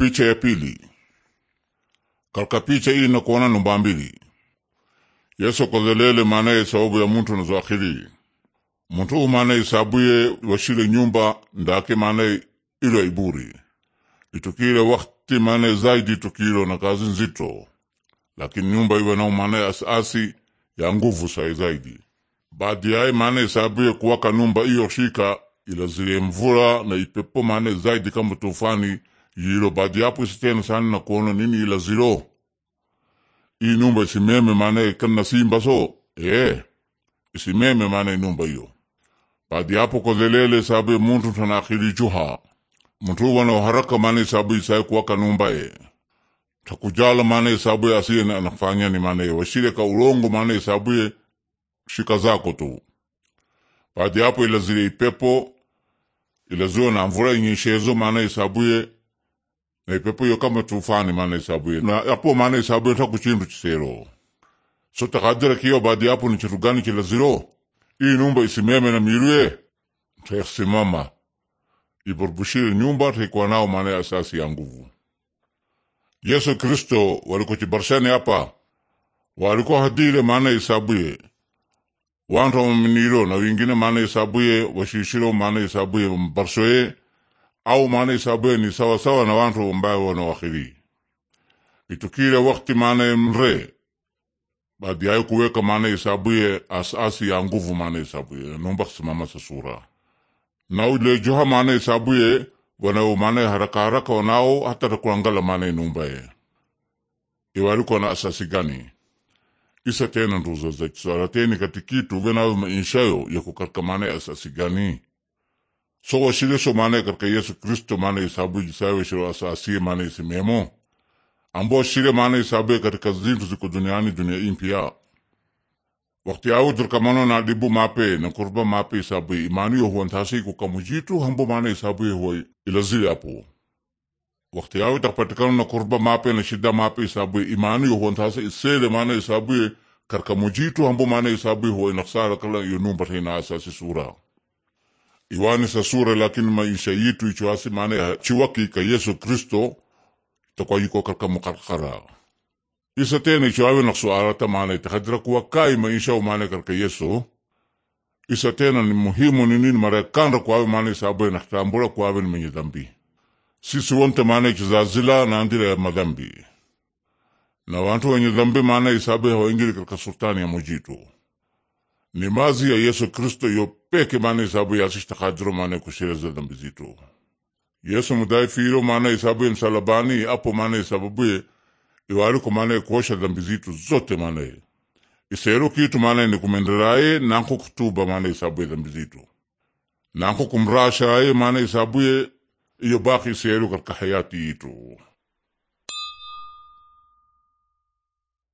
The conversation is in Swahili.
Picha ya pili katika picha ili nakuona namba mbili Yesu akozalele maanaye sababu ya muntu nazoakhiri muntu u maanaye isabuye washile nyumba ndake maanaye ilo iburi itukile wakti maanaye zaidi itukilo na kazi nzito lakini nyumba iwe nao ya asasi ya nguvu sai zaidi baadi yaye maanaye isabuye kuwaka nyumba iyo shika ilazile mvula na ipepo maanaye zaidi kama tufani yilo baadhi yapo isitena sana na kuona nini ila zilo hii nyumba isimeme maana ikana simba so eh isimeme maana nyumba hiyo baadhi yapo kozelele sababu muntu tanakhili juha muntu wana haraka maana sababu isai kwa kanumba e takujala maana sababu asiye na anafanya ni maana e. washire ka ulongo maana sababu shika zako tu baadhi yapo ila zile ipepo ila zio na mvura inyeshezo maana sababu na eh, ipepo iyo kama tufani maana isabu iyo na apo maana isabu iyo kuchindu chisero so takadira kiyo baadi yapo ni chitu gani ziro ii nyumba isimeme na mirwe tasimama iborbushiri nyumba taikuwa nao maana ya asasi ya nguvu Yesu Kristo waliko walikuchibarshani apa waliko hadile maana isabuye wantu wamaminilo na wingine maana isabuye washishiro maana isabuye mbarsoye au maana isabweni sawasawa na wantu ambayo wanawakili itukire wakti maana mre baadhi badiai kuweka maana isabuye asasi ya nguvu maana isabuye nomba kusimama sa sura na ule joha maana isabuye wanao maana haraka haraka wanao hata takuangala maana inumbaye iwariko na asasi gani isa tena nduzo za kiswara teni katikitu venao mainshayo yako katika maana asasi gani So wasile so maana katika Yesu Kristo maana hesabu jisawe shiro asasi maana isimemo. Ambo shire maana hesabu katika zintu ziko duniani dunia impia. Wakati au turkamano na libu mape na kurba mape hesabu imani yo huantasi ko kamujitu hambo maana hesabu hoi ilazi apo. Wakati au tapatikana na kurba mape na shida mape hesabu imani yo huantasi isele maana hesabu katika mujitu hambo maana hesabu hoi naksara kala yo number asasi sura sa sura lakini maisha yitu ichoasi maana chiwaki ka Yesu Kristo takwa yuko karka mukarkara isa tena ichoawe ta maana itakadira kai maisha maana karka Yesu isa tena ni muhimu ni nini ninin marekandra kuawe maana isaabue naktambura kuawe ni mwenye dhambi sisi wonte maana ichizazila naandira ya madhambi na wantu wenye dhambi maana isaabue hawaingili karka sultani ya mujitu ni ya Yesu Kristo yopeke mana hisabu yasishtakadiro mana kushireza dhambi zetu. Yesu mudai firo mane hisabu ya msalabani apo mana hisababuye iwaliko mane kuosha dhambi zetu zote mane. isero kitu mane ni kumenderaye nanko kutuba mana hisabu ya dhambi zetu nanko kumrashaaye mana hisabuye iyo baki isero katika hayati yitu